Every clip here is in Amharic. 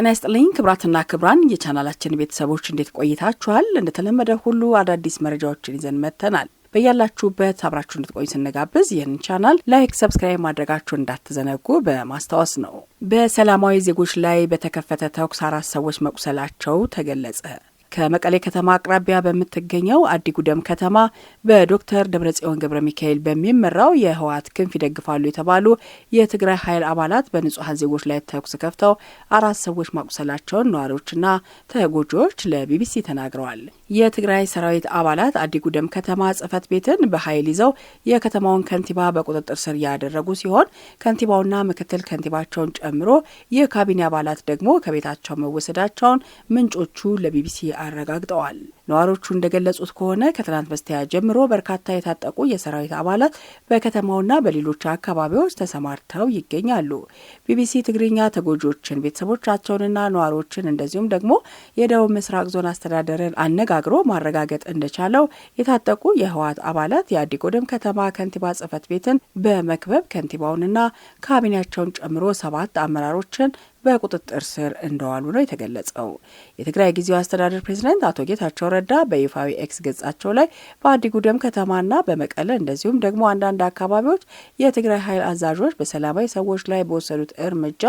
ጤና ይስጥልኝ ክብራትና ክብራን የቻናላችን ቤተሰቦች እንዴት ቆይታችኋል? እንደተለመደ ሁሉ አዳዲስ መረጃዎችን ይዘን መጥተናል። በያላችሁበት አብራችሁ እንድትቆዩ ስንጋብዝ ይህን ቻናል ላይክ፣ ሰብስክራይብ ማድረጋችሁ እንዳትዘነጉ በማስታወስ ነው። በሰላማዊ ዜጎች ላይ በተከፈተ ተኩስ አራት ሰዎች መቁሰላቸው ተገለጸ። ከመቀሌ ከተማ አቅራቢያ በምትገኘው አዲጉደም ከተማ በዶክተር ደብረጽዮን ገብረ ሚካኤል በሚመራው የህወሓት ክንፍ ይደግፋሉ የተባሉ የትግራይ ኃይል አባላት በንጹሐን ዜጎች ላይ ተኩስ ከፍተው አራት ሰዎች ማቁሰላቸውን ነዋሪዎችና ተጎጂዎች ለቢቢሲ ተናግረዋል። የትግራይ ሰራዊት አባላት አዲጉደም ከተማ ጽህፈት ቤትን በኃይል ይዘው የከተማውን ከንቲባ በቁጥጥር ስር ያደረጉ ሲሆን ከንቲባውና ምክትል ከንቲባቸውን ጨምሮ የካቢኔ አባላት ደግሞ ከቤታቸው መወሰዳቸውን ምንጮቹ ለቢቢሲ አረጋግጠዋል። ነዋሪዎቹ እንደገለጹት ከሆነ ከትናንት በስቲያ ጀምሮ በርካታ የታጠቁ የሰራዊት አባላት በከተማውና በሌሎች አካባቢዎች ተሰማርተው ይገኛሉ። ቢቢሲ ትግርኛ ተጎጂዎችን ቤተሰቦቻቸውንና ነዋሪዎችን እንደዚሁም ደግሞ የደቡብ ምስራቅ ዞን አስተዳደርን አነጋግሮ ማረጋገጥ እንደቻለው የታጠቁ የህወሓት አባላት የአዲጎደም ከተማ ከንቲባ ጽህፈት ቤትን በመክበብ ከንቲባውንና ካቢኔያቸውን ጨምሮ ሰባት አመራሮችን በቁጥጥር ስር እንደዋሉ ነው የተገለጸው። የትግራይ ጊዜያዊ አስተዳደር ፕሬዚዳንት አቶ ጌታቸው ረዳ በይፋዊ ኤክስ ገጻቸው ላይ በአዲጉደም ከተማና በመቀለ እንደዚሁም ደግሞ አንዳንድ አካባቢዎች የትግራይ ኃይል አዛዦች በሰላማዊ ሰዎች ላይ በወሰዱት እርምጃ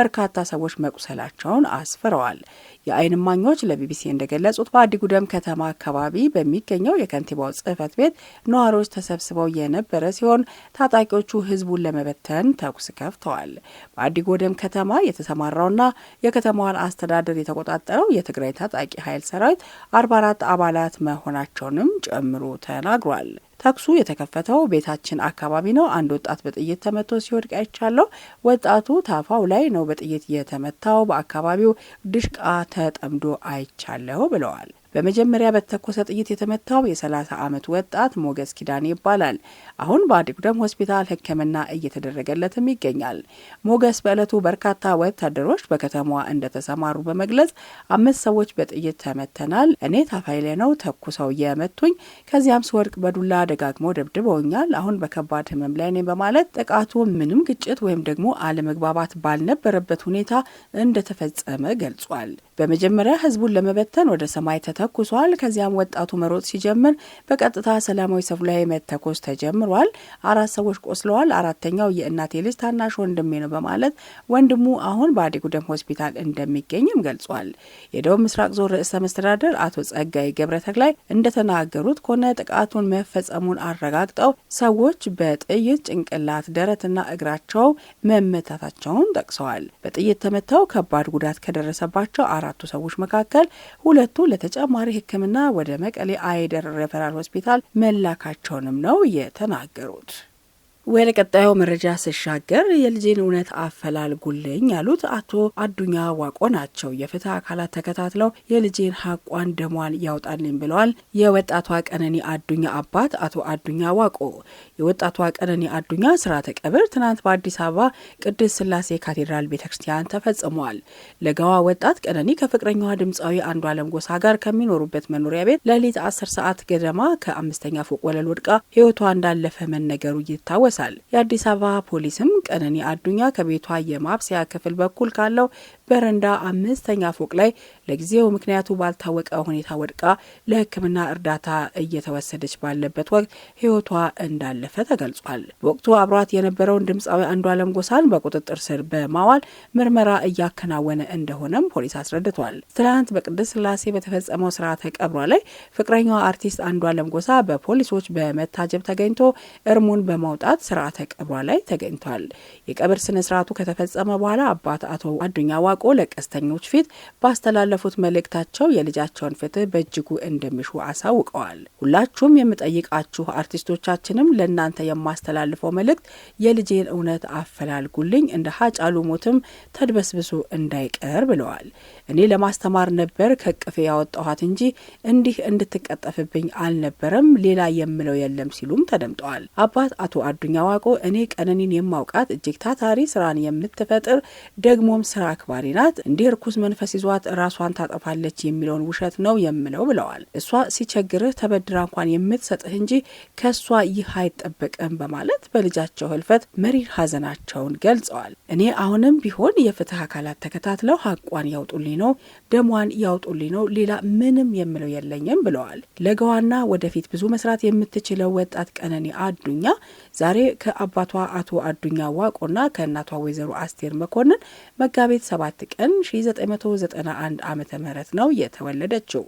በርካታ ሰዎች መቁሰላቸውን አስፍረዋል። የአይን ማኞች ለቢቢሲ እንደገለጹት በአዲጉደም ከተማ አካባቢ በሚገኘው የከንቲባው ጽህፈት ቤት ነዋሪዎች ተሰብስበው የነበረ ሲሆን ታጣቂዎቹ ህዝቡን ለመበተን ተኩስ ከፍተዋል። በአዲጉደም ከተማ የተሰማራውና የከተማዋን አስተዳደር የተቆጣጠረው የትግራይ ታጣቂ ኃይል ሰራዊት 44 አባላት መሆናቸውንም ጨምሮ ተናግሯል። ተኩሱ የተከፈተው ቤታችን አካባቢ ነው። አንድ ወጣት በጥይት ተመቶ ሲወድቅ አይቻለሁ። ወጣቱ ታፋው ላይ ነው በጥይት የተመታው። በአካባቢው ድሽቃ ተጠምዶ አይቻለሁ ብለዋል። በመጀመሪያ በተተኮሰ ጥይት የተመታው የ30 ዓመት ወጣት ሞገስ ኪዳን ይባላል። አሁን በአዲግደም ሆስፒታል ሕክምና እየተደረገለትም ይገኛል። ሞገስ በዕለቱ በርካታ ወታደሮች በከተማዋ እንደተሰማሩ በመግለጽ አምስት ሰዎች በጥይት ተመተናል። እኔ ታፋይሌ ነው ተኩሰው የመቱኝ። ከዚያም ስወድቅ በዱላ ደጋግሞ ደብድበውኛል። አሁን በከባድ ህመም ላይ ነኝ በማለት ጥቃቱ ምንም ግጭት ወይም ደግሞ አለመግባባት ባልነበረበት ሁኔታ እንደተፈጸመ ገልጿል። በመጀመሪያ ህዝቡን ለመበተን ወደ ሰማይ ተተኩሷል። ከዚያም ወጣቱ መሮጥ ሲጀምር በቀጥታ ሰላማዊ ሰልፍ ላይ መተኮስ ተጀምሯል። አራት ሰዎች ቆስለዋል። አራተኛው የእናቴ ልጅ ታናሽ ወንድሜ ነው በማለት ወንድሙ አሁን በአዲ ጉደም ሆስፒታል እንደሚገኝም ገልጿል። የደቡብ ምስራቅ ዞን ርዕሰ መስተዳደር አቶ ጸጋይ ገብረ ተክላይ እንደተናገሩት ከሆነ ጥቃቱን መፈጸሙን አረጋግጠው ሰዎች በጥይት ጭንቅላት፣ ደረትና እግራቸው መመታታቸውን ጠቅሰዋል። በጥይት ተመተው ከባድ ጉዳት ከደረሰባቸው አራ አራቱ ሰዎች መካከል ሁለቱ ለተጨማሪ ሕክምና ወደ መቀሌ አይደር ሬፈራል ሆስፒታል መላካቸውንም ነው የተናገሩት። ወደ ቀጣዩ መረጃ ስሻገር የልጄን እውነት አፈላልጉልኝ ያሉት አቶ አዱኛ ዋቆ ናቸው። የፍትህ አካላት ተከታትለው የልጄን ሀቋን ደሟን ያውጣልኝ ብለዋል። የወጣቷ ቀነኒ አዱኛ አባት አቶ አዱኛ ዋቆ የወጣቷ ቀነኒ አዱኛ ስርዓተ ቀብር ትናንት በአዲስ አበባ ቅድስት ስላሴ ካቴድራል ቤተ ክርስቲያን ተፈጽሟል። ለጋዋ ወጣት ቀነኒ ከፍቅረኛዋ ድምፃዊ አንዱ አለም ጎሳ ጋር ከሚኖሩበት መኖሪያ ቤት ለሊት አስር ሰዓት ገደማ ከአምስተኛ ፎቅ ወለል ወድቃ ህይወቷ እንዳለፈ መነገሩ ይታወሳል። ይጠቀሳል። የአዲስ አበባ ፖሊስም ቀነኒ አዱኛ ከቤቷ የማብሰያ ክፍል በኩል ካለው በረንዳ አምስተኛ ፎቅ ላይ ለጊዜው ምክንያቱ ባልታወቀ ሁኔታ ወድቃ ለሕክምና እርዳታ እየተወሰደች ባለበት ወቅት ሕይወቷ እንዳለፈ ተገልጿል። በወቅቱ አብሯት የነበረውን ድምፃዊ አንዷለም ጎሳን በቁጥጥር ስር በማዋል ምርመራ እያከናወነ እንደሆነም ፖሊስ አስረድቷል። ትናንት በቅድስት ስላሴ በተፈጸመው ስርዓተ ቀብሯ ላይ ፍቅረኛዋ አርቲስት አንዷለም ጎሳ በፖሊሶች በመታጀብ ተገኝቶ እርሙን በማውጣት ስርዓተ ቀብሯ ላይ ተገኝቷል። የቀብር ስነ ስርዓቱ ከተፈጸመ በኋላ አባት አቶ አዱኛ ዋቆ ጠበቆ ለቀስተኞች ፊት ባስተላለፉት መልእክታቸው የልጃቸውን ፍትህ በእጅጉ እንደሚሹ አሳውቀዋል። ሁላችሁም የምጠይቃችሁ አርቲስቶቻችንም ለእናንተ የማስተላልፈው መልእክት የልጄን እውነት አፈላልጉልኝ፣ እንደ ሀጫሉ ሞትም ተድበስብሶ እንዳይቀር ብለዋል። እኔ ለማስተማር ነበር ከቅፌ ያወጣኋት እንጂ እንዲህ እንድትቀጠፍብኝ አልነበረም። ሌላ የምለው የለም ሲሉም ተደምጠዋል። አባት አቶ አዱኛ ዋቆ እኔ ቀነኒን የማውቃት እጅግ ታታሪ ስራን የምትፈጥር ደግሞም ስራ አክባሪ ይላት እንዲህ እርኩስ መንፈስ ይዟት ራሷን ታጠፋለች የሚለውን ውሸት ነው የምለው ብለዋል። እሷ ሲቸግርህ ተበድራ እንኳን የምትሰጥህ እንጂ ከእሷ ይህ አይጠበቅም በማለት በልጃቸው ህልፈት መሪር ሀዘናቸውን ገልጸዋል። እኔ አሁንም ቢሆን የፍትህ አካላት ተከታትለው ሀቋን ያውጡልኝ ነው፣ ደሟን ያውጡልኝ ነው፣ ሌላ ምንም የምለው የለኝም ብለዋል። ለገዋና ወደፊት ብዙ መስራት የምትችለው ወጣት ቀነኔ አዱኛ ዛሬ ከአባቷ አቶ አዱኛ ዋቆና ከእናቷ ወይዘሮ አስቴር መኮንን መጋቢት 7 ቀን 1991 ዓ ም ነው የተወለደችው።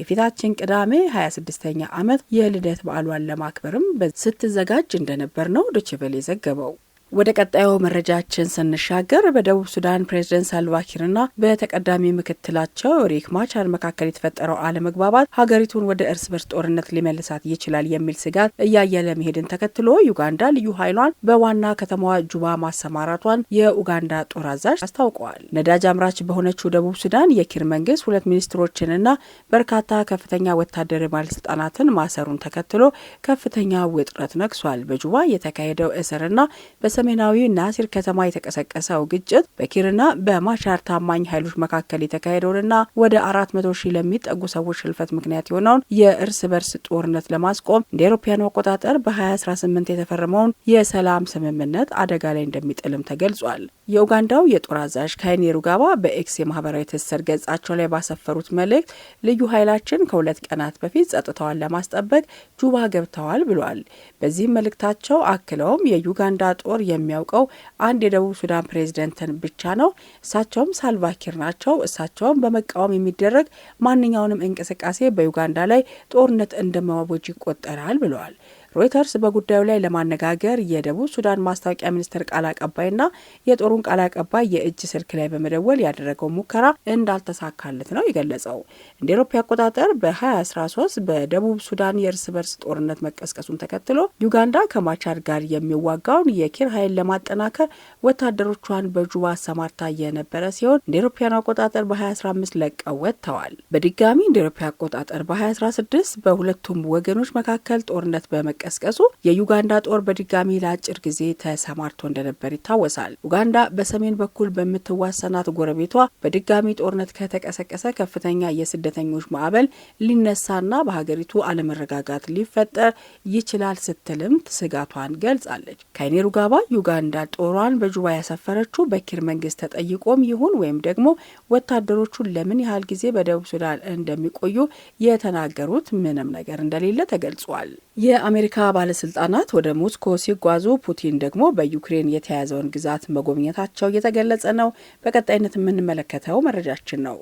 የፊታችን ቅዳሜ 26ኛ ዓመት የልደት በዓሏን ለማክበርም ስትዘጋጅ እንደነበር ነው ዶችቬሌ ዘገበው። ወደ ቀጣዩ መረጃችን ስንሻገር በደቡብ ሱዳን ፕሬዝደንት ሳልቫኪርና በተቀዳሚ ምክትላቸው ሪክ ማቻር መካከል የተፈጠረው አለመግባባት ሀገሪቱን ወደ እርስ በርስ ጦርነት ሊመልሳት ይችላል የሚል ስጋት እያየለ መሄድን ተከትሎ ዩጋንዳ ልዩ ኃይሏን በዋና ከተማዋ ጁባ ማሰማራቷን የኡጋንዳ ጦር አዛዥ አስታውቀዋል። ነዳጅ አምራች በሆነችው ደቡብ ሱዳን የኪር መንግስት ሁለት ሚኒስትሮችንና በርካታ ከፍተኛ ወታደራዊ ባለስልጣናትን ማሰሩን ተከትሎ ከፍተኛ ውጥረት ነግሷል። በጁባ የተካሄደው እስርና በሰ በሰሜናዊ ናሲር ከተማ የተቀሰቀሰው ግጭት በኪርና በማሻር ታማኝ ኃይሎች መካከል የተካሄደውንና ወደ አራት መቶ ሺህ ለሚጠጉ ሰዎች ህልፈት ምክንያት የሆነውን የእርስ በርስ ጦርነት ለማስቆም እንደ አውሮፓውያኑ አቆጣጠር በ2018 የተፈረመውን የሰላም ስምምነት አደጋ ላይ እንደሚጥልም ተገልጿል። የኡጋንዳው የጦር አዛዥ ካይኔ ሩጋባ በኤክስ የማህበራዊ ትስስር ገጻቸው ላይ ባሰፈሩት መልእክት ልዩ ኃይላችን ከሁለት ቀናት በፊት ጸጥታዋን ለማስጠበቅ ጁባ ገብተዋል ብሏል። በዚህም መልእክታቸው አክለውም የዩጋንዳ ጦር የሚያውቀው አንድ የደቡብ ሱዳን ፕሬዝደንትን ብቻ ነው። እሳቸውም ሳልቫኪር ናቸው። እሳቸውም በመቃወም የሚደረግ ማንኛውንም እንቅስቃሴ በዩጋንዳ ላይ ጦርነት እንደማወጅ ይቆጠራል ብለዋል። ሮይተርስ በጉዳዩ ላይ ለማነጋገር የደቡብ ሱዳን ማስታወቂያ ሚኒስትር ቃል አቀባይና የጦሩን ቃል አቀባይ የእጅ ስልክ ላይ በመደወል ያደረገው ሙከራ እንዳልተሳካለት ነው የገለጸው። እንደ ኤሮፓ አቆጣጠር በ2013 በደቡብ ሱዳን የእርስ በርስ ጦርነት መቀስቀሱን ተከትሎ ዩጋንዳ ከማቻር ጋር የሚዋጋውን የኪር ኃይል ለማጠናከር ወታደሮቿን በጁባ አሰማርታ የነበረ ሲሆን እንደ ኤሮፓውያን አቆጣጠር በ2015 ለቀው ወጥተዋል። በድጋሚ እንደ ኤሮፓ አቆጣጠር በ2016 በሁለቱም ወገኖች መካከል ጦርነት በመቀ መቀስቀሱ የዩጋንዳ ጦር በድጋሚ ለአጭር ጊዜ ተሰማርቶ እንደነበር ይታወሳል። ኡጋንዳ በሰሜን በኩል በምትዋሰናት ጎረቤቷ በድጋሚ ጦርነት ከተቀሰቀሰ ከፍተኛ የስደተኞች ማዕበል ሊነሳና በሀገሪቱ አለመረጋጋት ሊፈጠር ይችላል ስትልም ስጋቷን ገልጻለች። ከኔሩጋባ ዩጋንዳ ጦሯን በጁባ ያሰፈረችው በኪር መንግስት ተጠይቆም ይሁን ወይም ደግሞ ወታደሮቹ ለምን ያህል ጊዜ በደቡብ ሱዳን እንደሚቆዩ የተናገሩት ምንም ነገር እንደሌለ ተገልጿል። የአሜሪካ ባለስልጣናት ወደ ሞስኮ ሲጓዙ ፑቲን ደግሞ በዩክሬን የተያዘውን ግዛት መጎብኘታቸው እየተገለጸ ነው። በቀጣይነት የምንመለከተው መረጃችን ነው።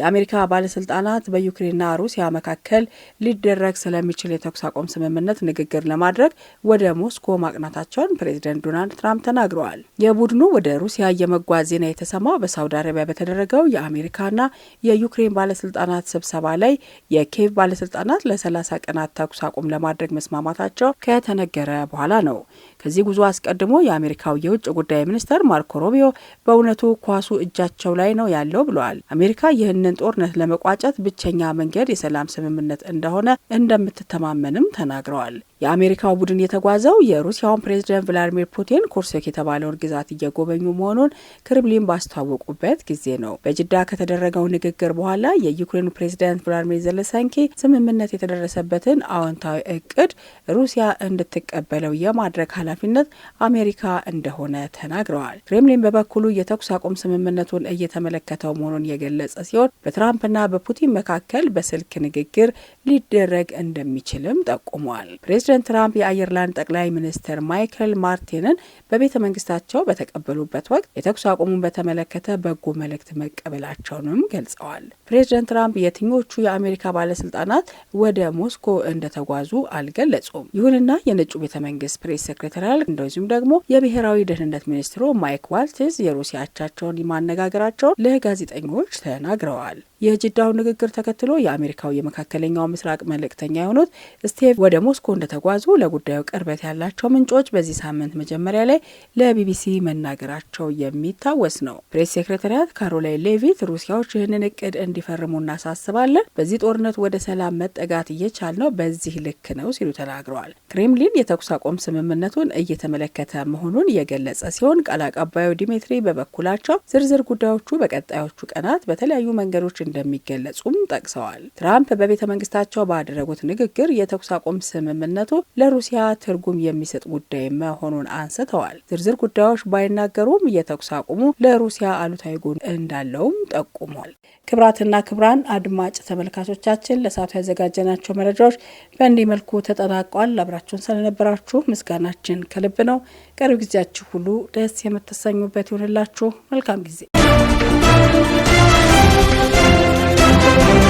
የአሜሪካ ባለስልጣናት በዩክሬንና ሩሲያ መካከል ሊደረግ ስለሚችል የተኩስ አቁም ስምምነት ንግግር ለማድረግ ወደ ሞስኮ ማቅናታቸውን ፕሬዚደንት ዶናልድ ትራምፕ ተናግረዋል። የቡድኑ ወደ ሩሲያ የመጓዝ ዜና የተሰማው በሳውዲ አረቢያ በተደረገው የአሜሪካና የዩክሬን ባለስልጣናት ስብሰባ ላይ የኬቭ ባለስልጣናት ለ30 ቀናት ተኩስ አቁም ለማድረግ መስማማታቸው ከተነገረ በኋላ ነው። ከዚህ ጉዞ አስቀድሞ የአሜሪካው የውጭ ጉዳይ ሚኒስተር ማርኮ ሮቢዮ በእውነቱ ኳሱ እጃቸው ላይ ነው ያለው ብለዋል። አሜሪካ ይህን ይህንን ጦርነት ለመቋጨት ብቸኛ መንገድ የሰላም ስምምነት እንደሆነ እንደምትተማመንም ተናግረዋል። የአሜሪካው ቡድን የተጓዘው የሩሲያውን ፕሬዚደንት ቭላዲሚር ፑቲን ኮርሶክ የተባለውን ግዛት እየጎበኙ መሆኑን ክሬምሊን ባስተዋወቁበት ጊዜ ነው። በጅዳ ከተደረገው ንግግር በኋላ የዩክሬኑ ፕሬዝዳንት ቭላዲሚር ዘለሰንኪ ስምምነት የተደረሰበትን አዎንታዊ እቅድ ሩሲያ እንድትቀበለው የማድረግ ኃላፊነት አሜሪካ እንደሆነ ተናግረዋል። ክሬምሊን በበኩሉ የተኩስ አቁም ስምምነቱን እየተመለከተው መሆኑን የገለጸ ሲሆን በትራምፕና በፑቲን መካከል በስልክ ንግግር ሊደረግ እንደሚችልም ጠቁመዋል። ፕሬዚደንት ትራምፕ የአየርላንድ ጠቅላይ ሚኒስትር ማይክል ማርቲንን በቤተ መንግስታቸው በተቀበሉበት ወቅት የተኩስ አቁሙን በተመለከተ በጎ መልእክት መቀበላቸውንም ገልጸዋል። ፕሬዚደንት ትራምፕ የትኞቹ የአሜሪካ ባለስልጣናት ወደ ሞስኮ እንደተጓዙ አልገለጹም። ይሁንና የነጩ ቤተ መንግስት ፕሬስ ሴክሬታሪያል እንደዚሁም ደግሞ የብሔራዊ ደህንነት ሚኒስትሩ ማይክ ዋልትዝ የሩሲያ አቻቸውን ማነጋገራቸውን ለጋዜጠኞች ተናግረዋል። ተናግረዋል። የጅዳው ንግግር ተከትሎ የአሜሪካው የመካከለኛው ምስራቅ መልእክተኛ የሆኑት ስቴቭ ወደ ሞስኮ እንደተጓዙ ለጉዳዩ ቅርበት ያላቸው ምንጮች በዚህ ሳምንት መጀመሪያ ላይ ለቢቢሲ መናገራቸው የሚታወስ ነው። ፕሬስ ሴክሬታሪያት ካሮላይን ሌቪት ሩሲያዎች ይህንን እቅድ እንዲፈርሙ እናሳስባለን፣ በዚህ ጦርነት ወደ ሰላም መጠጋት እየቻልነው በዚህ ልክ ነው ሲሉ ተናግረዋል። ክሬምሊን የተኩስ አቁም ስምምነቱን እየተመለከተ መሆኑን የገለጸ ሲሆን ቃል አቀባዩ ዲሜትሪ በበኩላቸው ዝርዝር ጉዳዮቹ በቀጣዮቹ ቀናት በተለያዩ መንገዶች እንደሚገለጹም ጠቅሰዋል። ትራምፕ በቤተ መንግስታቸው ባደረጉት ንግግር የተኩስ አቁም ስምምነቱ ለሩሲያ ትርጉም የሚሰጥ ጉዳይ መሆኑን አንስተዋል። ዝርዝር ጉዳዮች ባይናገሩም የተኩስ አቁሙ ለሩሲያ አሉታዊ ጎን እንዳለውም ጠቁሟል። ክብራትና ክብራን አድማጭ ተመልካቾቻችን ለሰዓቱ ያዘጋጀናቸው መረጃዎች በእንዲህ መልኩ ተጠናቋል። አብራችሁን ስለነበራችሁ ምስጋናችን ከልብ ነው። ቀሪው ጊዜያችሁ ሁሉ ደስ የምትሰኙበት ይሆንላችሁ። መልካም ጊዜ Thank you.